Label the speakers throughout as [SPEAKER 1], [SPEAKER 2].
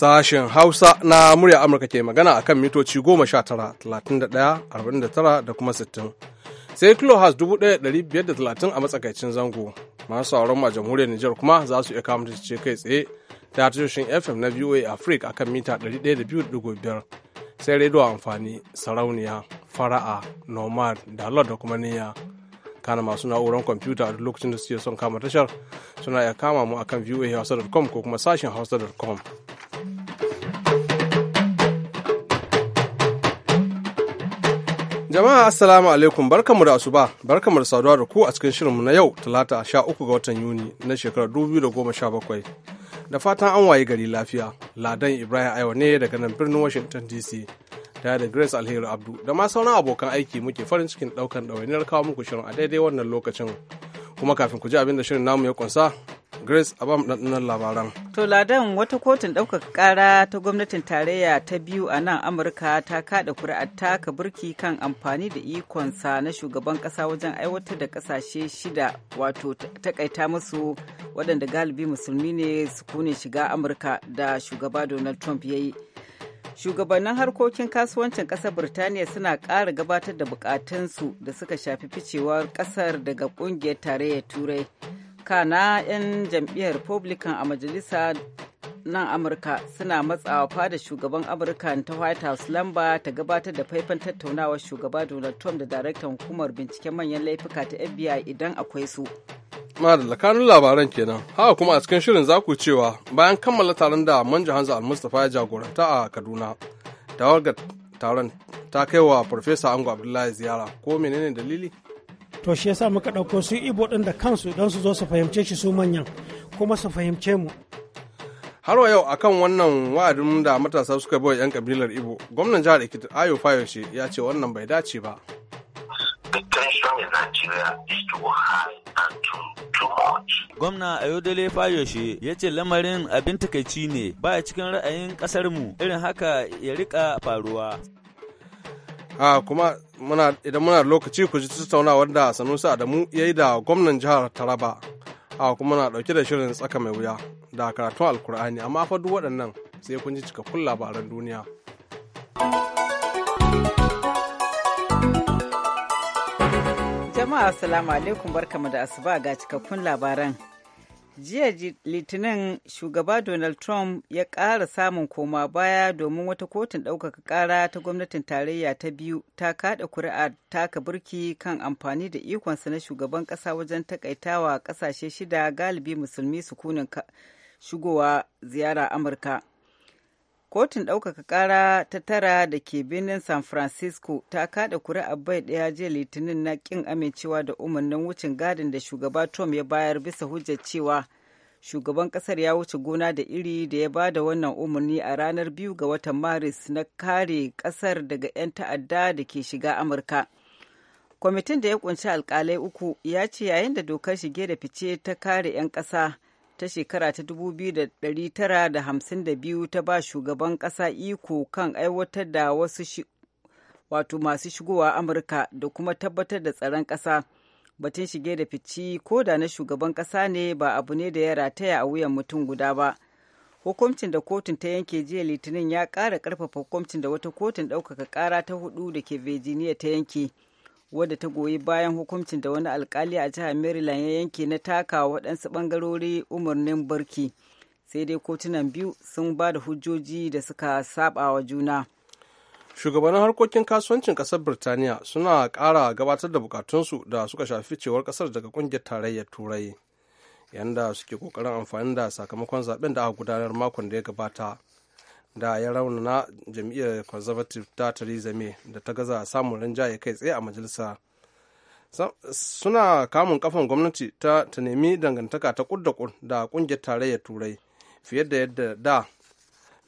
[SPEAKER 1] Sashen Hausa na murya Amurka ke magana a kan mitoci 19,31,49 da kuma 60. Sai Kilohas 1,530 a matsakaicin zango. Masu sauran a jamhuriyar Nijar kuma za su iya da ce kai tsaye ta tashoshin FM na VOA Africa a kan mita 102.5. Sai rediyo amfani, sarauniya, fara'a, nomad, dalar da kuma niyya. kana masu na'urar kwamfuta a lokacin da suke son kama tashar suna iya kama mu akan voahausa.com ko kuma sashen hausa.com Jama'a Assalamu alaikum barkanmu da asuba barkanmu da saduwa da ku a cikin shirinmu na yau talata sha uku ga watan Yuni na shekarar 2017 da fatan an waye gari lafiya Ladan Ibrahim Ayo ne daga nan birnin Washington DC da da Grace Alheri Abdu da ma sauran abokan aiki muke farin cikin ɗaukan ɗawainiyar kawo muku shirin a daidai wannan lokacin. Kuma kafin ku ji abin da shirin namu ya kunsa Grace a bamu ɗanɗanon labaran.
[SPEAKER 2] To Ladan
[SPEAKER 1] wata kotun ɗaukar ƙara ta gwamnatin tarayya ta biyu
[SPEAKER 2] a nan Amurka ta kaɗa kuri'a taka burki kan amfani da ikonsa na shugaban ƙasa wajen aiwatar da ƙasashe shida wato takaita musu waɗanda galibi musulmi ne su kune shiga Amurka da shugaba Donald Trump ya yi. shugabannin harkokin kasuwancin ƙasar birtaniya suna ƙara gabatar da bukatunsu da suka shafi ficewar ƙasar daga ƙungiyar tarayyar turai kana 'yan jam'iyyar republican a majalisa nan amurka suna matsawa fada shugaban amurka ta white house lamba ta gabatar da faifan tattaunawar shugaba donald trump da daraktan hukumar binciken manyan laifuka ta fbi idan akwai su
[SPEAKER 1] madalla kanun labaran kenan haka kuma a cikin shirin zaku cewa bayan kammala taron da manja hanza almustapha ya jagoranta a kaduna tawagar taron ta kai wa farfesa ango abdullahi ziyara ko menene dalili
[SPEAKER 3] to shi yasa muka ɗauko su ibo ɗin da kansu don su zo su fahimce shi su manyan kuma su
[SPEAKER 1] fahimce mu har wa yau akan wannan wa'adin da matasa suka bai 'yan kabilar ibo gwamnan jihar ekiti ayo fayoshe ya ce wannan bai dace ba
[SPEAKER 4] surely Nigeria is too and
[SPEAKER 1] Gwamna Ayodele Fayoshe
[SPEAKER 5] ya ce lamarin abin takaici ne ba cikin ra'ayin mu, irin haka ya rika
[SPEAKER 1] faruwa. a kuma idan muna lokaci ku ji tattaunawar da sanusi adamu ya yi da gwamnan jihar taraba a kuma na dauke da shirin tsaka mai wuya da karatun alkur'ani amma fa duk waɗannan sai kun ji cikakkun labaran duniya
[SPEAKER 2] Jama'a Assalamu alaikum barkamu da asuba ga cikakkun labaran. Jiya Litinin shugaba Donald Trump ya ƙara samun koma baya domin wata kotun ɗaukaka ƙara ta gwamnatin tarayya ta biyu ta kaɗa kuri'a taka burki kan amfani da ikonsa na shugaban ƙasa wajen takaitawa ƙasashe shida galibi musulmi su kunin shigowa ziyara Amurka. kotun ɗaukaka ƙara ta tara da ke birnin san francisco ta kada kuri'a bai ɗaya jiya litinin na ƙin amincewa da umarnin wucin gadin da shugaba trump ya bayar bisa hujjar cewa shugaban ƙasar ya wuce gona da iri da ya bada wannan umarni a ranar biyu ga watan maris na kare ƙasar daga 'yan ta'adda da ke shiga amurka kwamitin da ya ƙunshi alkalai uku ya ce yayin da dokar shige da fice ta kare 'yan ƙasa ta shekara ta 2952 ta ba shugaban ƙasa iko kan aiwatar da wasu wato masu shigowa amurka da kuma tabbatar da tsaron ƙasa batun shige da fici ko da na shugaban ƙasa ne ba abu ne da ya rataya a wuyan mutum guda ba hukuncin da kotun ta yanke jiya litinin ya ƙara ƙarfafa hukuncin da wata kotun ɗaukaka ƙara ta hudu da ke virginia ta yanke wadda ta goyi bayan hukuncin da wani alkali a jihar maryland ya yanke na taka waɗansu ɓangarori umarnin barki sai dai kotunan biyu sun ba da hujjoji da suka saba wa juna
[SPEAKER 1] shugabannin harkokin kasuwancin ƙasar birtaniya suna ƙara gabatar da bukatunsu da suka shafi cewar ƙasar daga ƙungiyar tarayyar turai yanda suke ƙoƙarin amfani da sakamakon zaben da aka gudanar makon da ya gabata da ya raunana jam'iyyar conservative ta theresa may da ta gaza samun rinjaye kai tsaye a majalisa suna kamun kafan gwamnati ta ta nemi dangantaka ta kud da kud da kungiyar tarayyar turai fiye da yadda da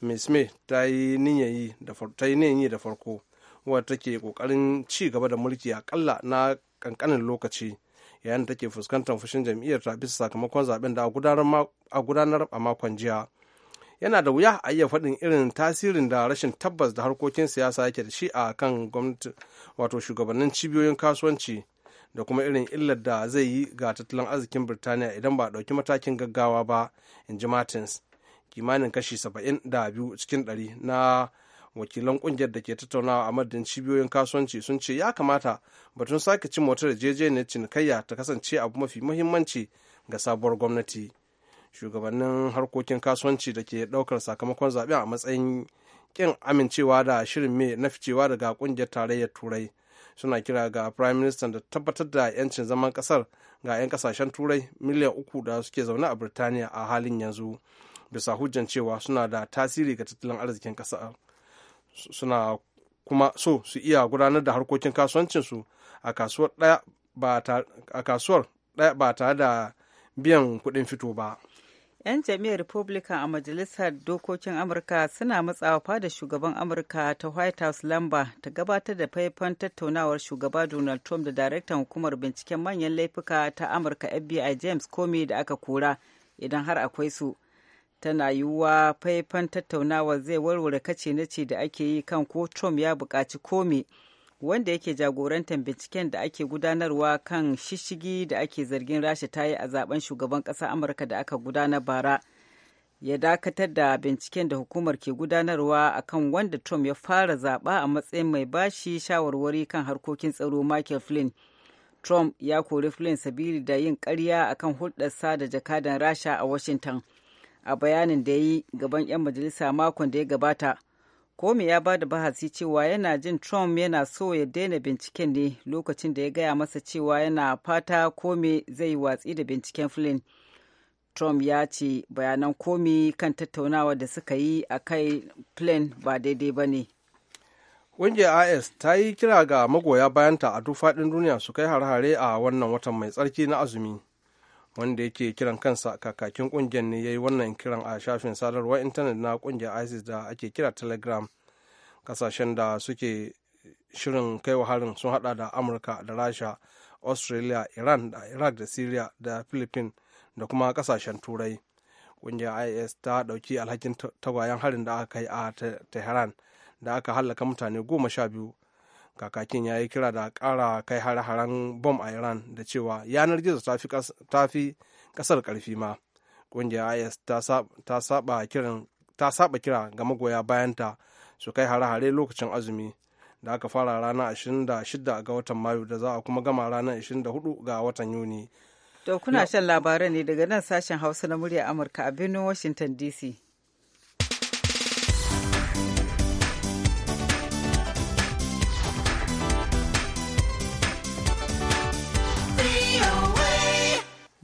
[SPEAKER 1] miss may ta yi niyayi da farko wadda take kokarin ci gaba da mulki akalla na kankanin lokaci yayin da take fuskantar fushin jam'iyyar ta bisa sakamakon zaben da a gudanar a makon jiya yana da wuya a iya faɗin irin tasirin da rashin tabbas da harkokin siyasa yake da shi a kan gwamnati wato shugabannin cibiyoyin kasuwanci da kuma irin illar da zai yi ga tattalin arzikin birtaniya idan ba a ɗauki matakin gaggawa ba in ji martins kimanin kashi saba'in da biyu cikin ɗari na wakilan ƙungiyar da ke tattaunawa a madadin cibiyoyin kasuwanci sun ce ya kamata batun sake cin motar jeje yarjejeniyar cinikayya ta kasance abu mafi muhimmanci ga sabuwar gwamnati shugabannin harkokin kasuwanci da ke ɗaukar sakamakon zaɓe a matsayin kin amincewa da shirin mai na ficewa daga ƙungiyar tarayyar turai suna kira ga prime minister da tabbatar da 'yancin zaman ƙasar ga 'yan kasashen turai miliyan uku da suke zaune a birtaniya a halin yanzu bisa hujjan cewa suna da tasiri ga tattalin arzikin ƙasar suna kuma so su iya gudanar da harkokin kasuwancinsu a kasuwar ɗaya ba tare da biyan kuɗin fito ba.
[SPEAKER 2] 'yan jami'ar republican a majalisar dokokin amurka suna matsawa fada shugaban amurka ta white house lamba ta gabatar da faifan tattaunawar shugaba donald trump da daraktan hukumar binciken manyan laifuka ta amurka fbi james comey da aka kora idan har akwai su tana yiwuwa faifan tattaunawar zai warware kace na ce da ake yi kan ko trump ya buƙaci comey wanda yake jagorantar binciken da ake gudanarwa kan shishigi da ake zargin rasha ta yi a zaben shugaban ƙasa amurka da aka gudanar bara ya dakatar da binciken da hukumar ke gudanarwa a kan wanda trump ya fara zaɓa a matsayin mai bashi shawarwari kan harkokin tsaro michael flynn trump ya kori flynn sabili da yin ƙarya akan hulɗarsa da jakadan rasha a washington a bayanin da ya yi gaban 'yan majalisa makon da ya gabata Comey ya ba da bahasi cewa yana jin Trump yana so ya daina binciken ne lokacin da ya gaya masa cewa yana fata Comey zai watsi da binciken Flynn. Trump ya ce bayanan Comey kan tattaunawa da suka yi a kai Flynn ba daidai ba ne.
[SPEAKER 1] Ƙungiyar IS ta yi kira ga magoya bayanta a duk faɗin duniya su kai hare-hare a wannan watan mai tsarki na azumi. wanda yake kiran kansa kakakin kungiyar ne ya yi wannan kiran a shafin sadarwar intanet na kungiyar isis da ake kira telegram kasashen da suke shirin kaiwa harin sun hada da amurka da rasha australia iran da iraq da syria da philippines da kuma kasashen turai kungiyar is ta dauki alhakin tagwayen harin da aka kai a tehran da aka hallaka mutane goma sha biyu kakakin ya yi kira da ƙara kai har-haren bom a iran da cewa yanar gizo ta fi kasar karfi ma ƙungiyar is ta saba kira ga magoya bayanta su kai hare-hare lokacin azumi da aka fara ranar 26 ga watan mayu da za a kuma gama ranar 24 ga watan yuni
[SPEAKER 2] to kuna shan labarai ne daga nan sashen hausa na murya amurka a birnin washington dc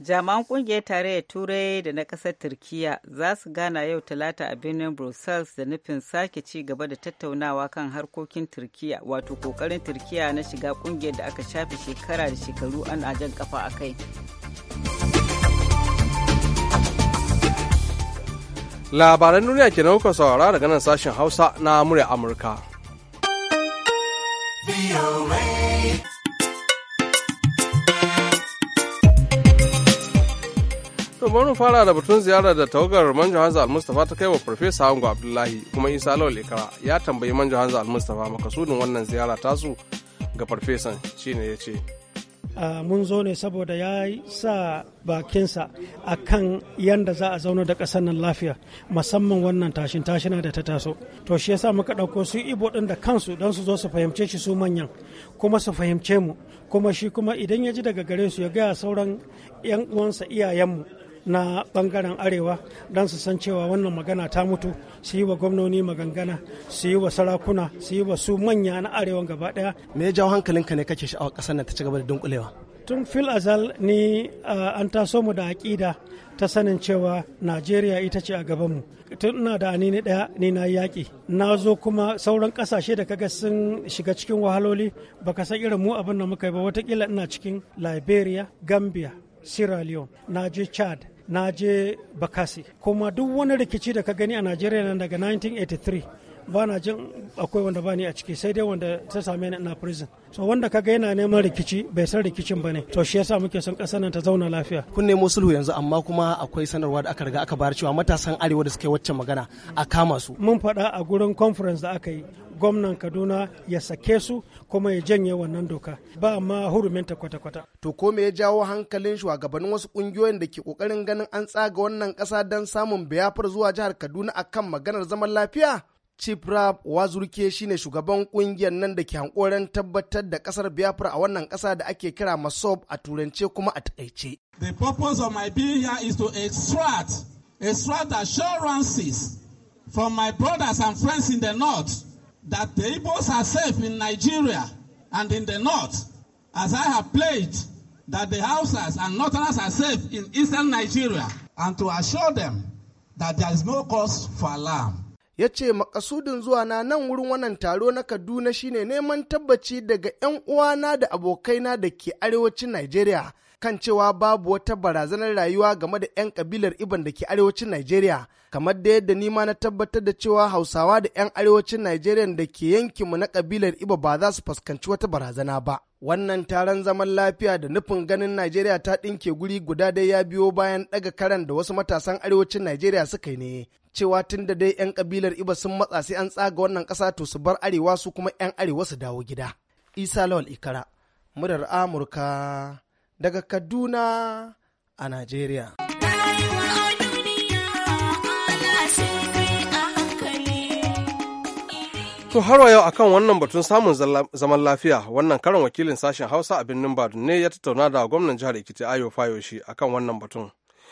[SPEAKER 2] jami'an kungiyar tarayyar turai da na ƙasar turkiya za su gana yau talata a birnin brussels da nufin sake ci gaba da tattaunawa kan harkokin turkiya wato ƙoƙarin turkiya na shiga kungiyar da aka shafe shekara da shekaru ana jan kafa a kai
[SPEAKER 1] labaran duniya ke kuka saurara daga nan sashen hausa na murya amurka To fara da batun ziyarar da tawagar Manjo hanzu Almustafa ta kai wa Farfesa Hango Abdullahi kuma Isa Lawal Ikara ya tambayi Manjo hanzu Almustafa makasudin wannan ziyara tasu ga Farfesan shine ya ce.
[SPEAKER 3] mun zo ne saboda ya sa bakinsa a kan yadda za a zauna da ƙasar nan lafiya musamman wannan tashin tashina da ta taso to shi yasa muka ɗauko su ibo ɗin da kansu don su zo su fahimce shi su manyan kuma su fahimce mu kuma shi kuma idan ya ji daga gare su ya gaya sauran 'yan uwansa iyayenmu na bangaren arewa don su san cewa wannan magana ta mutu su yi wa gwamnoni magangana su yi wa sarakuna su yi wa su manya na arewa gaba daya me ya jawo hankalinka ne kake sha'awar kasar nan ta ci gaba da dunkulewa tun fil azal ni an taso mu da aƙida ta sanin cewa najeriya ita ce a gaban mu. tun ina da anini daya ni na yaƙi na zo kuma sauran ƙasashe da kaga sun shiga cikin wahaloli baka san irin mu abin da muka yi ba watakila ina cikin liberia gambia sierra leone na je chad na je bakasi kuma duk wani rikici da ka gani a najeriya nan daga 1983 ba na jin akwai wanda ba ni a ciki sai dai wanda ta same ni ina prison so wanda kaga yana neman rikici bai san rikicin ba ne to shi yasa muke son kasar nan ta zauna lafiya kun nemo sulhu yanzu amma kuma akwai sanarwa da aka riga aka bayar cewa matasan arewa da suke yi magana a kama su mun faɗa a gurin conference da aka yi gwamnan kaduna ya sake su kuma ya janye wannan doka ba ma hurumin ta kwata-kwata
[SPEAKER 6] to ko me ya jawo hankalin shugabannin wasu kungiyoyin da ke kokarin ganin an tsaga wannan kasa don samun biyafar zuwa jihar kaduna akan maganar zaman lafiya Rap Wazurke shine shugaban kungiyar nan da ke hankoren tabbatar da kasar Biafra a wannan kasa da ake kira Masob a turance kuma a takaice.
[SPEAKER 7] The purpose of my being here is to extract, extract assurances from my brothers and friends in the north that the Igbos are safe in Nigeria and in the north, as I have played that the Hausas and Northerners are safe in eastern Nigeria,
[SPEAKER 6] and to assure them that there is no cause for alarm. ya ce makasudin zuwa na nan wurin wannan taro na kaduna shine neman tabbaci daga 'yan uwana da abokaina da ke arewacin nigeria kan cewa babu wata barazanar rayuwa game da 'yan kabilar iban da ke arewacin nigeria kamar da yadda nima na tabbatar da cewa hausawa da 'yan arewacin nigeria da ke yankinmu na kabilar iba ba za su fuskanci wata barazana ba wannan taron zaman lafiya da nufin ganin Najeriya ta ɗinke guri guda dai ya biyo bayan ɗaga karan da wasu matasan arewacin Najeriya suka yi ne cewa tun da dai 'yan kabilar iba sun matsa sai an tsaga wannan kasa to su bar arewa su kuma 'yan arewa su dawo gida isa lawal ikara murar amurka daga kaduna a najeriya
[SPEAKER 1] To har yau akan wannan batun samun zaman lafiya wannan karan wakilin sashen Hausa a birnin Badun ne ya tattauna da gwamnan jihar Ekiti Ayo Fayoshi akan wannan batun.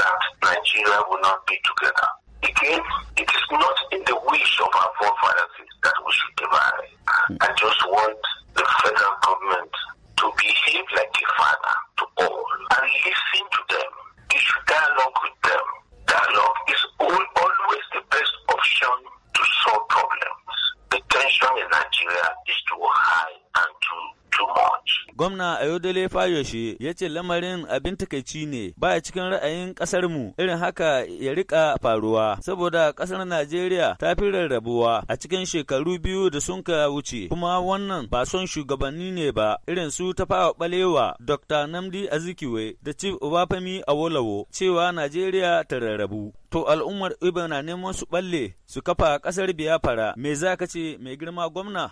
[SPEAKER 4] that Nigeria will not be together. Again, it is not in the wish of our forefathers that we should divide. Hmm. I just want the federal government to behave like a father
[SPEAKER 5] a Ayodele Fayoshe ya ce lamarin abin takaici ne ba cikin ra'ayin kasar mu irin haka ya rika faruwa saboda kasar Najeriya ta fi rarrabuwa a cikin shekaru biyu da sun ka wuce kuma wannan ba son shugabanni ne ba irin su ta tafawa balewa Dr. Namdi Azikiwe da Chief Obafemi Awolowo cewa Najeriya ta rarrabu. to al'ummar Ibo na neman su balle su kafa kasar biyafara. me za ka ce mai girma gwamna?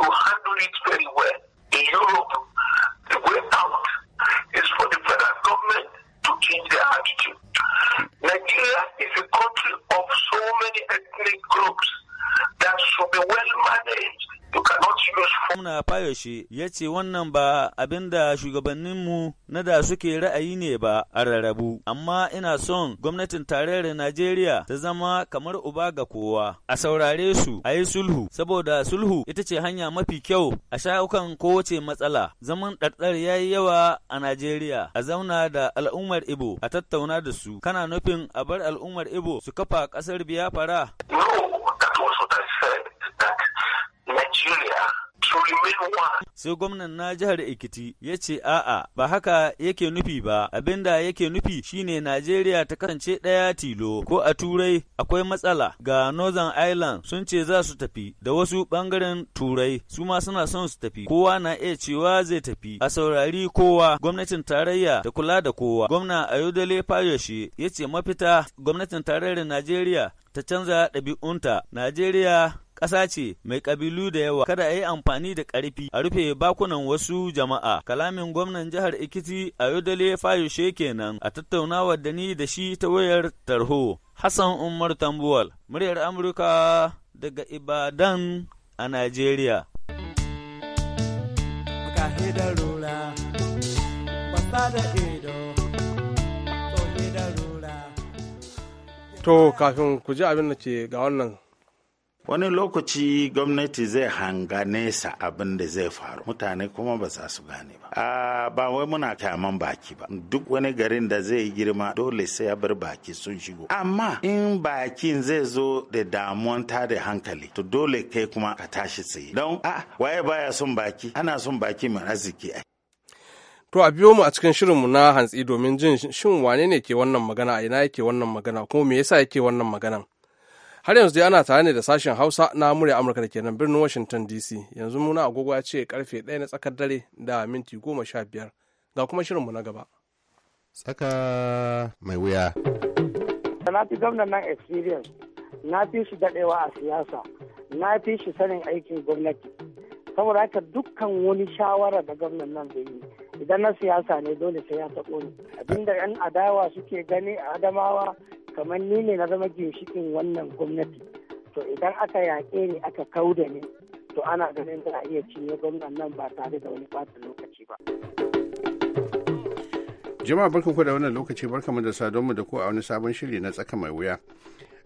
[SPEAKER 4] you handle it very well. In Europe, the way out is for the federal government to change their attitude. Nigeria is a country of so many ethnic groups. should be well managed.
[SPEAKER 5] You Muna ya ce wannan ba abin da shugabanninmu na da suke ra'ayi ne ba a rarrabu, amma ina son gwamnatin tarayyar Najeriya ta zama kamar uba ga kowa. A saurare su, a yi sulhu, saboda sulhu ita ce hanya mafi kyau a sha'ukan kowace matsala. Zaman ɗarɗar ya yi yawa a Najeriya, a zauna da al'ummar Ibo, a tattauna da su. Kana nufin a bar al'ummar Ibo su kafa ƙasar biyafara Najeriya. Sai gwamnan na jihar Ekiti ya ce a'a ba haka yake nufi ba abinda yake nufi shine Najeriya ta kasance ɗaya tilo ko a turai akwai matsala ga Northern Ireland sun ce za su tafi da wasu ɓangaren turai su ma suna son su tafi kowa na iya cewa zai tafi a saurari kowa gwamnatin tarayya ta kula da kowa gwamna Ayodele Fayoshe ya ce mafita gwamnatin tarayyar Najeriya ta canza ɗabi'unta Najeriya ƙasa ce mai ƙabilu da yawa kada a yi amfani da ƙarfi a rufe bakunan wasu jama'a kalamin gwamnan jihar ikiti ayodele fayoshe kenan a tattaunawa da ni da shi ta wayar tarho hassan umar tambuwal muryar amurka daga ibadan a najeriya
[SPEAKER 1] To kafin ku ji abin da ke ga wannan wani lokaci
[SPEAKER 7] gwamnati zai hanga nesa abin da zai faru mutane kuma ba za su gane ba a ba wai muna kyaman baki ba duk wani garin da zai yi girma dole sai ya bar baki sun shigo amma in bakin zai zo da damuwan ta da hankali to dole kai kuma ka tashi tsaye don a waye baya son baki ana son baki mai arziki
[SPEAKER 1] To a biyo mu a cikin shirin mu na hantsi domin jin shin wane ne ke wannan magana a ina yake wannan magana kuma me yasa yake wannan maganan. har yanzu dai ana tare ne da sashen hausa na murya amurka da kenan birnin washington dc yanzu muna agogo ya ce karfe 1 na tsakar dare da minti goma sha biyar ga kuma
[SPEAKER 8] shirinmu na gaba
[SPEAKER 9] tsaka mai wuya
[SPEAKER 8] na fi gwamnan nan experience na fi shi dadewa a siyasa na fi shi sanin aikin gwamnati saboda haka dukkan wani shawara da gwamnan nan zai yi idan na siyasa ne dole sai ya taɓo ni abinda yan adawa suke gani a adamawa kamar ni ne na zama ginshikin wannan gwamnati to idan aka yaƙe ni aka kau da ne to ana ganin za a iya cinye gwamnan nan ba tare da wani ɓata lokaci ba.
[SPEAKER 9] jama'a barkanku da wannan lokaci mu da sadonmu da ko a wani sabon shiri na tsaka mai wuya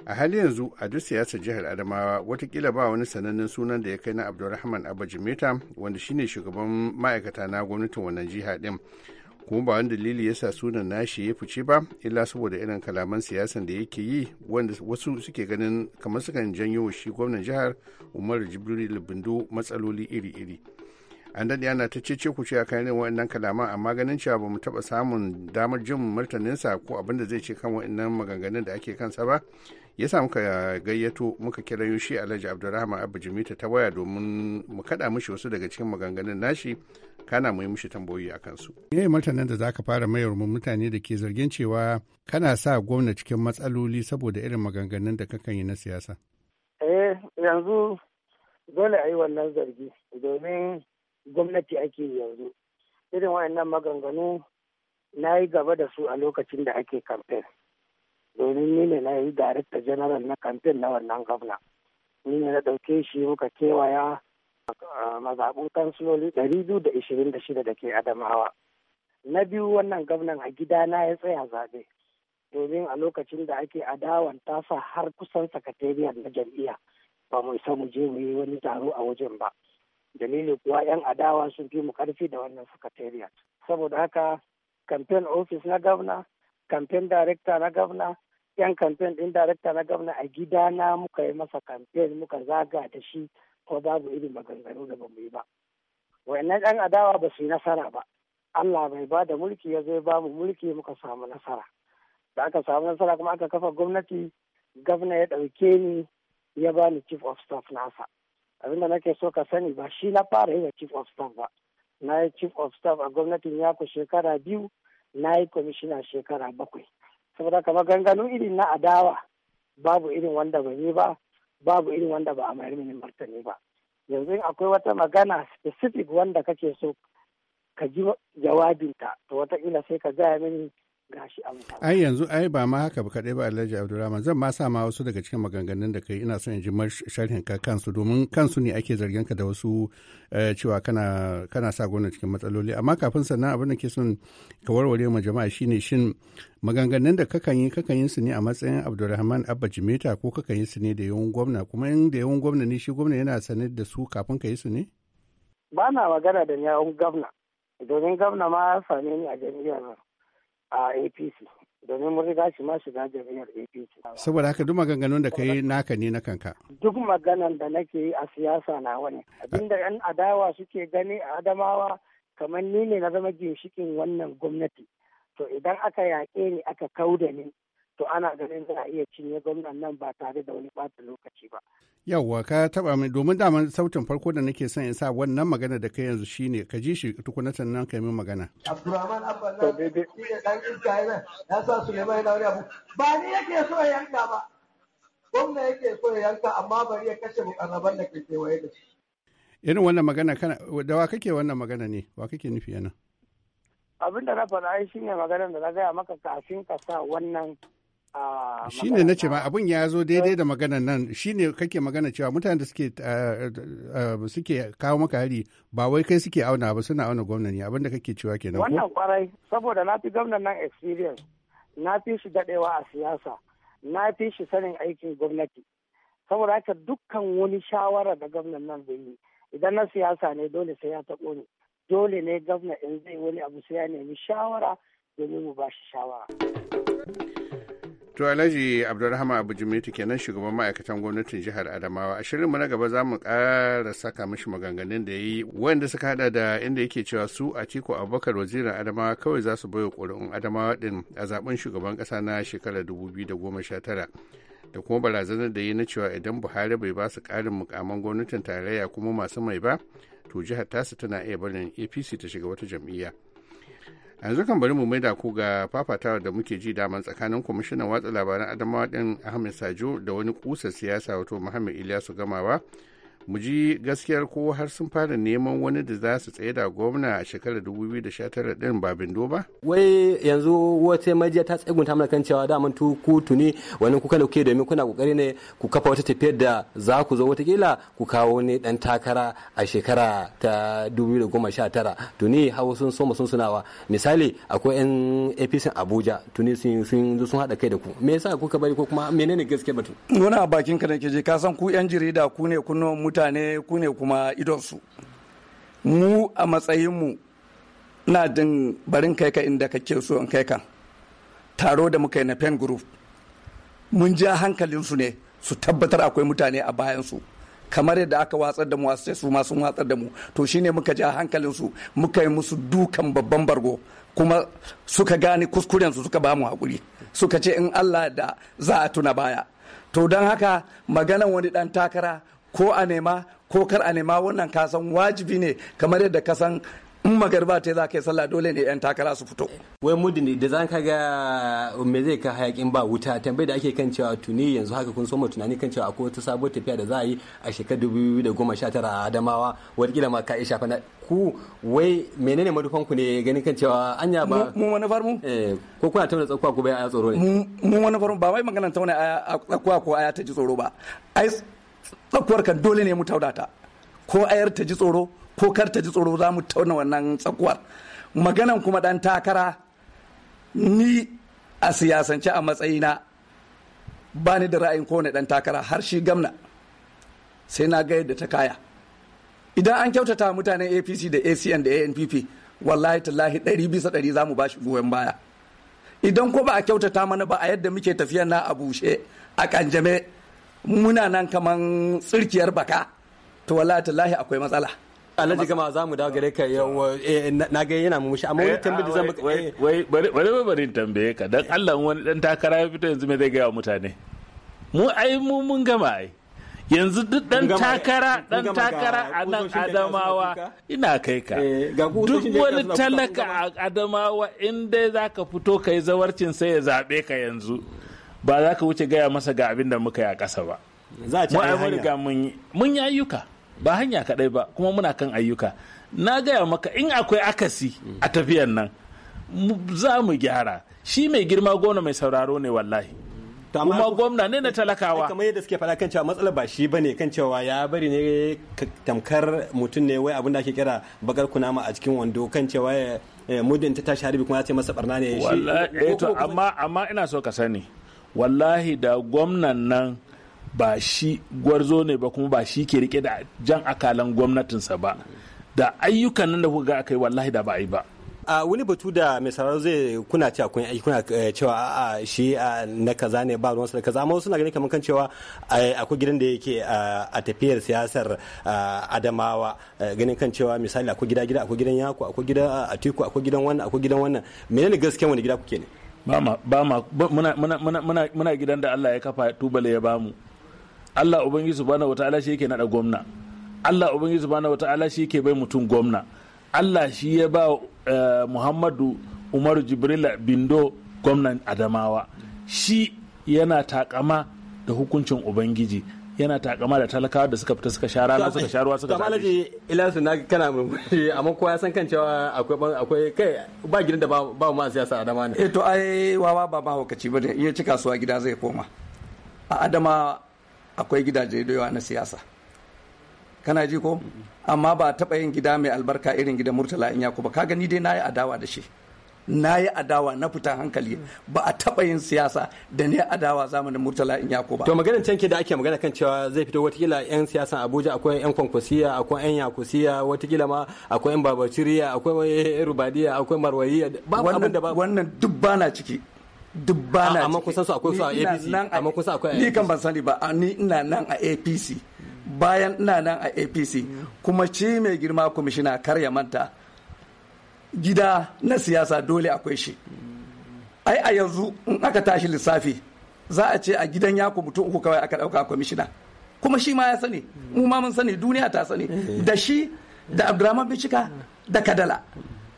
[SPEAKER 9] a hali yanzu a duk siyasar jihar adamawa watakila ba wani sanannen sunan da ya kai na abdulrahman abajimeta jimeta wanda shine shugaban ma'aikata na gwamnatin wannan jiha din kuma ba wani dalili sa sunan nashi ya fice ba illa saboda irin kalaman siyasan da yake yi wanda wasu suke ganin kamar sukan janyo shi gwamnan jihar umaru jibril bindo matsaloli iri-iri an daɗe ana ta ce ku ce a kan wa'annan kalaman amma ganin cewa ba mu taɓa samun damar jin martaninsa ko abin da zai ce kan wa'annan maganganun da ake kansa ba ya sa muka gayyato muka kira yushi alhaji abdulrahman abu jimita ta waya domin mu kaɗa mishi wasu daga cikin maganganun nashi kana mu yi mishi tambayoyi a kansu. Me martanin da zaka fara mayar mu mutane da ke zargin cewa kana sa gwamna cikin matsaloli saboda irin maganganun da kakan yi na siyasa?
[SPEAKER 8] Eh yanzu dole a yi wannan zargi domin gwamnati ake yanzu irin waɗannan maganganu na yi gaba da su a lokacin da ake kamfen domin ni ne na yi darekta general na kamfen na wannan gwamna ni ne na ɗauke shi muka kewaya mazaɓu kansiloli ɗari biyu da ishirin da shida da ke adamawa na biyu wannan gwamnan a gida na ya tsaya zaɓe domin a lokacin da ake adawan tasa har kusan sakatariyar na jam'iyya ba mu isa mu je mu yi wani taro a wajen ba dalili kuwa 'yan adawa sun fi mu karfi da wannan secretariat saboda haka campaign office na gwamna campaign director na gwamna 'yan campaign din director na gwamna a gida na muka yi masa campaign muka zaga da shi ko babu irin maganganu da bamu yi ba wannan 'yan adawa ba su yi nasara ba Allah bai ba da mulki ya zai ba mu mulki muka samu nasara da aka samu nasara kuma aka kafa gwamnati gwamna ya ɗauke ni ya bani chief of staff nasa abinda nake so ka sani ba shi na fara yi wa chief of staff ba na yi chief of staff a gwamnatin ku shekara biyu na yi kwamishina shekara bakwai saboda ka maganganu irin na adawa babu irin wanda ba yi ba babu irin wanda ba a mayar mini martani ba yanzu akwai wata magana specific wanda kake so ka ji jawabinta to wataƙila sai ka gaya mini
[SPEAKER 9] ai yanzu ai ba ma haka ba kaɗai ba Alhaji Abdulrahman zan ma sa ma wasu daga cikin maganganun da kai ina son in ji sharhin ka kansu domin kansu ne ake zargin ka da wasu eh, cewa kana kana sa gona cikin matsaloli amma kafin sannan abin da ke son ka warware ma jama'a shine shin maganganun da kakan yi kakan yi su ne a matsayin Abdulrahman Abba Jimeta ko kakan yi su ne da yawan gwamna kuma in da yawan gwamna ne shi gwamna yana sanar da su kafin ka yi su ne
[SPEAKER 8] ba na magana da yawan gwamna domin gwamna ma same ni a jami'ar a apc domin mun riga shi ma shiga jam'iyyar apc saboda
[SPEAKER 9] haka duk maganganun da kai naka ne na kanka
[SPEAKER 8] duk maganan da nake yi a siyasa na wani abinda yan adawa suke gani a adamawa kamar ni ne na zama ginshikin wannan gwamnati to idan aka yaƙe ni aka kauda ni to ana ganin za a iya cinye gwamnan nan ba tare da wani ɓata lokaci ba.
[SPEAKER 9] Yawwa ka taɓa mai domin daman sautin farko da nake son in sa wannan magana da kai yanzu shine ka ji shi tukunatan nan ka yi min magana.
[SPEAKER 10] Abdulrahman Abba na ɗan iska yana ya sa Suleiman yana wani abu ba
[SPEAKER 11] ni yake so ya yanka ba. Gwamna yake so ya yanka amma bari ya kashe mukarraban da ke
[SPEAKER 8] kewaye da shi.
[SPEAKER 9] Irin wannan magana kana da wa kake wannan magana ne wa kake nufi yana.
[SPEAKER 8] Abin da na faɗa shi ne magana da na gaya maka kafin ka sa wannan shi
[SPEAKER 9] ne na ce ma abin ya zo daidai da maganan nan shi ne kake magana cewa mutane da eh, eh, eh, suke kawo maka hari ba wai kai suke auna ba suna auna gwamnan ne abin da kake cewa ko. wannan
[SPEAKER 8] kwarai saboda na fi gwamnan nan experience na fi shi dadewa a siyasa na fi shi sanin aikin gwamnati saboda haka dukkan wani shawara da gwamnan nan zai yi idan na siyasa ne dole sai ya taɓo ne dole ne gwamna in zai wani abu sai ya nemi shawara domin mu ba shi shawara
[SPEAKER 1] To
[SPEAKER 9] Alhaji Abdulrahman Abu Jimiti kenan shugaban ma'aikatan gwamnatin jihar Adamawa. A shirinmu na gaba za mu ƙara saka mishi maganganun da yi wanda suka hada da inda yake cewa su a Ciko Abubakar wazirin Adamawa kawai za su baiwa ƙuri'un Adamawa din a zaben shugaban ƙasa na shekarar biyu da goma sha tara da kuma barazanar da yi na cewa idan buhari bai ba su ƙarin mukaman gwamnatin tarayya kuma masu mai ba to jihar tasu tana iya barin apc ta shiga wata jam'iyya yanzu kan bari mu maida ku ga fafatawa da muke ji daman tsakanin kwamishinan watsa labaran adamawa din ahmed sajo da wani kusa siyasa wato muhammad iliyasu gamawa mu ji gaskiyar ko har sun fara neman wani da za su tsaye da gwamna a shekarar 2019 din ba bindo ba
[SPEAKER 10] wai yanzu wata majiya ta tsegunta mana kan cewa da tu ku tuni wani kuka dauke domin kuna kokari ne ku kafa wata tafiyar da za ku zo watakila ku kawo ne dan takara a shekara ta 2019 tuni hawa sun soma sun sunawa misali akwai yan apc abuja tuni sun sun sun hada kai da ku me yasa kuka bari ko kuma menene gaskiya batu wani a bakin ka da ke je ka san ku yan jarida ku ne kun mu
[SPEAKER 11] mutane ku ne kuma idonsu mu a matsayinmu na jin barin kai ka inda kake so in kai kan taro da muka yi na pen group mun ja hankalinsu ne su tabbatar akwai mutane a bayansu kamar yadda aka watsar da mu a su ma sun watsar da mu to shine muka ja hankalinsu su muka yi musu dukan babban bargo kuma suka gane kuskuren su suka ba mu hakuri suka ce in Allah da za a tuna baya to don haka maganan wani dan takara ko a nema ko kar a nema wannan kasan wajibi ne kamar yadda kasan in magarba ta za ka yi sallah
[SPEAKER 10] dole ne 'yan takara su fito. wai mudin da za ka ga me zai ka hayakin ba wuta tambayi da ake kan cewa tuni yanzu haka kun soma tunani kan cewa akwai wata sabuwar tafiya da za a yi a shekarar 2019 a adamawa wadda ma ka yi fana. ku wai menene madufan ku ne ganin kan cewa anya ba
[SPEAKER 11] mu wani mu eh,
[SPEAKER 10] ko kuna tauna tsakuwa ko bai aya tsoro ne mu wani mu? ba
[SPEAKER 11] wai maganar tauna aya tsakuwa ko aya ta ji tsoro ba tsakuwar kan dole ne mu taudata. ko ayar ta ji tsoro ko kar ta ji tsoro za mu tauna wannan tsakuwar maganan kuma dan takara ni a siyasance a matsayina ba ni da ra'ayin kowane dan takara har shi gamna sai na ga yadda ta kaya idan an kyautata mutanen apc da acn da anpp wallahi tallahi ɗari bisa ɗari za mu ba shi goyon baya idan ko ba a kyautata mana ba a yadda muke tafiya na a bushe a kanjame muna nan kaman tsirkiyar baka
[SPEAKER 10] to wallahi tallahi akwai matsala alhaji gama za mu dawo gare ka eh, na ga yana mushi amma wani eh, tambayi da zan baka
[SPEAKER 7] ah, eh. wai bari bari tambaye ka dan Allah wani dan takara ya fito yanzu me zai ga mutane mu ai mu mun gama ai yanzu duk dan takara dan takara a nan adamawa ina kai ka duk wani talaka a adamawa in dai zaka fito kai zawarcin sai ya zabe ka yanzu ba za ka wuce gaya masa ga abin da muka yi a ƙasa ba za a ci mun yi ayyuka ba hanya kaɗai ba kuma muna kan ayyuka na gaya maka in akwai akasi a tafiyan nan za mu gyara shi mai girma gona mai sauraro ne wallahi kuma gwamna ne na talakawa kamar yadda suke faɗa kan cewa matsalar ba shi bane kan cewa ya bari ne
[SPEAKER 10] tamkar mutum ne wai abin ake kira bakar kunama a cikin wando kan cewa eh,
[SPEAKER 7] eh, mudin ta tashi harbi kuma ya ce masa barna ne shi eh, amma ina so ka sani wallahi da gwamnan nan ba shi gwarzo ne ba kuma ba shi ke rike da jan akalan gwamnatinsa ba da ayyukan nan da kuka ga yi wallahi da ba a yi ba
[SPEAKER 10] a wani batu da mai zai kuna eh, eh, cewa kun kuna cewa a shi eh, na kaza ne ba ruwansa da kaza amma suna gani kamar kan cewa akwai gidan da yake a tafiyar siyasar adamawa ganin kan cewa misali akwai gida gida akwai gidan yaku akwai gidan atiku akwai gidan
[SPEAKER 7] wannan akwai gidan wannan menene gaskiya wani gida kuke ne ba ma muna gidan da Allah ya kafa tubale ya bamu Allah ubangiji subhanahu wataala shi yake nada gwamna Allah ubangiji subhanahu wataala shi yake bai mutum gwamna Allah shi ya ba eh, Muhammadu Umaru Jibrila Bindo gwamnan Adamawa shi yana takama da hukuncin ubangiji yana takama da talakawa da suka fita suka sha rana suka sha ruwa suka sha alaji
[SPEAKER 10] ilasu na kana murmushi amma kowa san kan cewa akwai akwai kai ba gidan da ba ma siyasa adama ne eh to ai wawa ba ba hukaci ba ne iya cika suwa gida
[SPEAKER 11] zai koma a adama akwai gidaje da yawa na siyasa kana ji ko amma ba taba yin gida mai albarka irin gidan murtala in yakuba kaga ni dai na yi adawa da shi na yi adawa na fitan hankali ba a taɓa yin siyasa da ne adawa zamanin murtala in yako ba.
[SPEAKER 10] to maganin canke da ake magana kan cewa zai fito watakila yan siyasan abuja akwai yan kwankwasiya akwai yan yakusiya watakila ma akwai yan babaciriya akwai rubadiya akwai marwayiya babu abin da ba wannan duk bana ciki duk bana ciki amma kusan su akwai su a apc
[SPEAKER 11] amma kusan akwai ni kan ban sani ba ni ina nan a apc bayan ina nan a apc kuma ci mai girma kwamishina kar ya manta gida na siyasa dole akwai shi ai a yanzu in aka tashi lissafi za a ce a gidan yaku mutum uku kawai aka dauka kwamishina kuma shi ma ya sani mu ma mun sani duniya ta sani eh. da shi da abdurrahman bincika da kadala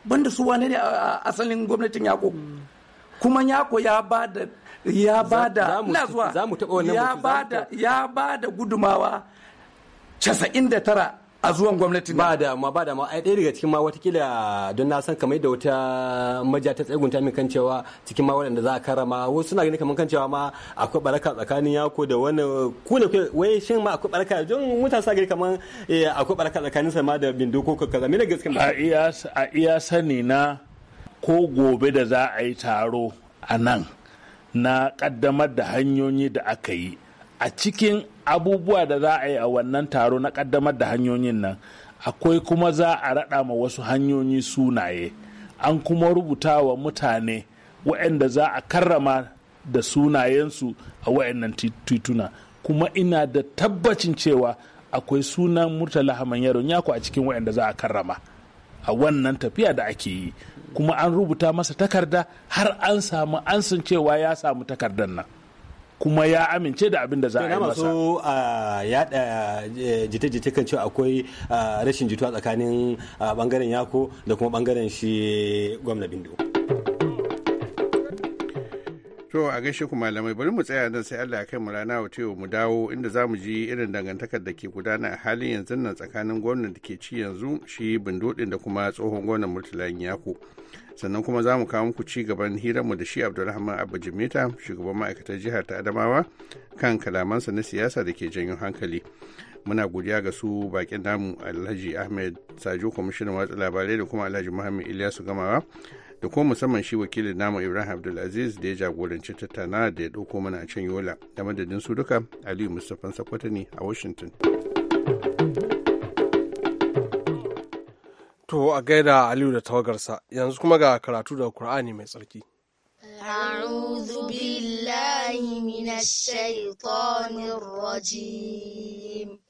[SPEAKER 11] banda su wane ne a asalin gwamnatin yako kuma yako ya ba da ya ba da
[SPEAKER 10] ina zuwa ya ba da gudumawa 99 a zuwan gwamnatin ba da ma ba da ma ai ɗaya daga cikin ma watakila don na san kamar da wata maja ta tsegunta min kan cewa cikin ma waɗanda za a kara ma wasu suna gani kamar kan cewa ma akwai baraka tsakanin yako da wani ku ne wai shin ma akwai baraka don mutane sa gani kamar
[SPEAKER 7] eh, akwai baraka tsakanin sa ma da bindu ko kaza me ne gaskiya a iya a iya sani na ko gobe da za a yi taro a nan na kaddamar da hanyoyi da aka yi a cikin abubuwa da za a yi a wannan taro na kaddamar da hanyoyin nan akwai kuma za a raɗa ma wasu hanyoyi sunaye an kuma rubuta wa mutane waɗanda za a karrama da sunayensu a waɗannan tituna kuma ina da tabbacin cewa akwai sunan murtala haman yaron a cikin waɗanda za a karrama a wannan tafiya da ake yi kuma an rubuta masa takarda har an samu an cewa ya samu takardar nan kuma ya amince da abin da za a yi masa. so
[SPEAKER 10] yada eh, jita-jita kan cewa akwai rashin jituwa tsakanin bangaren yako da kuma bangaren shi
[SPEAKER 9] gwamna bindu. To a gaishe ku malamai bari mu tsaya nan sai Allah ya kai mu rana wa tewa mu dawo inda za mu ji irin dangantakar da ke gudana a halin yanzu nan tsakanin gwamnan da ke ci yanzu shi bindodin da kuma tsohon gwamnan Murtala Yako. sannan kuma za mu kawo muku ci gaban mu da shi abdulrahman abba jimeta shugaban ma'aikatar jihar ta adamawa kan kalamansa na siyasa da ke janyo hankali muna godiya ga su bakin namu alhaji ahmed sajo kwamishinan watsa labarai da kuma alhaji muhammad ilyasu gamawa da kuma musamman shi wakilin namu ibrahim abdulaziz da ya jagoranci tattana da ya ɗauko mana a can yola da madadin su duka aliyu mustapha sakwata ne a washington
[SPEAKER 1] To a gaida Aliyu da tawagarsa yanzu kuma ga karatu da Kur'ani mai tsarki.
[SPEAKER 12] أعوذ بالله من الشيطان الرجيم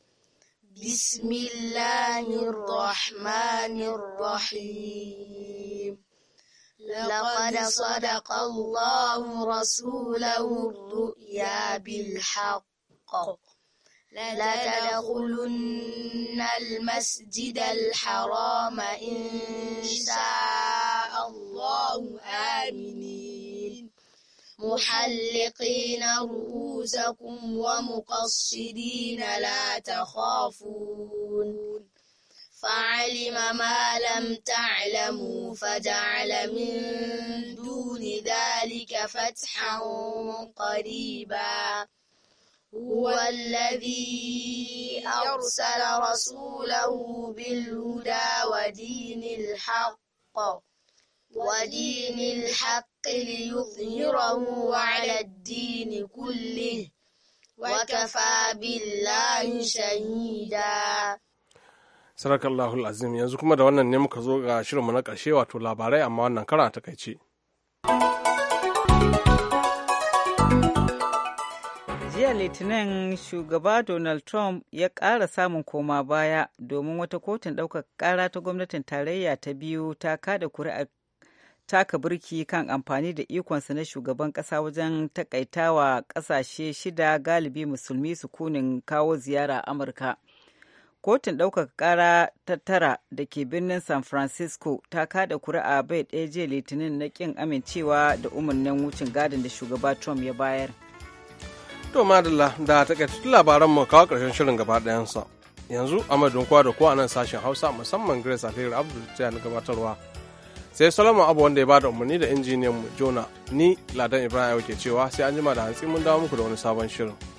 [SPEAKER 12] بسم الله الرحمن الرحيم
[SPEAKER 8] لقد
[SPEAKER 12] صدق الله رسوله الرؤيا بالحق لتدخلن المسجد الحرام إن شاء الله آمنين محلقين رؤوسكم ومقصرين لا تخافون فعلم ما لم تعلموا فجعل من دون ذلك فتحا قريبا هو الذي أرسل رسوله بالهدى ودين الحق ودين الحق ليظهره على الدين كله وكفى بالله شهيدا
[SPEAKER 1] Sarakallahu Azim yanzu kuma da wannan ne muka zo ga shirinmu na ƙarshe wato labarai amma wannan kara takaice.
[SPEAKER 2] jiya litinin shugaba donald trump ya kara samun koma baya domin wata kotun daukar kara ta gwamnatin tarayya ta biyu ta kada kuri'a taka birki kan amfani da ikonsa na shugaban ƙasa wajen takaitawa ƙasashe shida galibi musulmi su kunin kawo ziyara amurka kotun ɗaukaka kara ta tara da ke birnin san francisco ta kada kuri'a bai ɗaya jiya litinin na kin amincewa da umarnin wucin gadin da shugaba trump ya bayar
[SPEAKER 1] To madalla da ta labaran mu kawo ƙarshen shirin gaba sa Yanzu Amadu Kwa da kuwa nan sashen Hausa musamman Grace Alheri Abdul ta na gabatarwa. Sai Solomon Abu wanda ya bada umarni da injiniyan mu Jona ni Ladan Ibrahim ke cewa sai an jima da hantsi mun dawo muku da wani sabon shirin.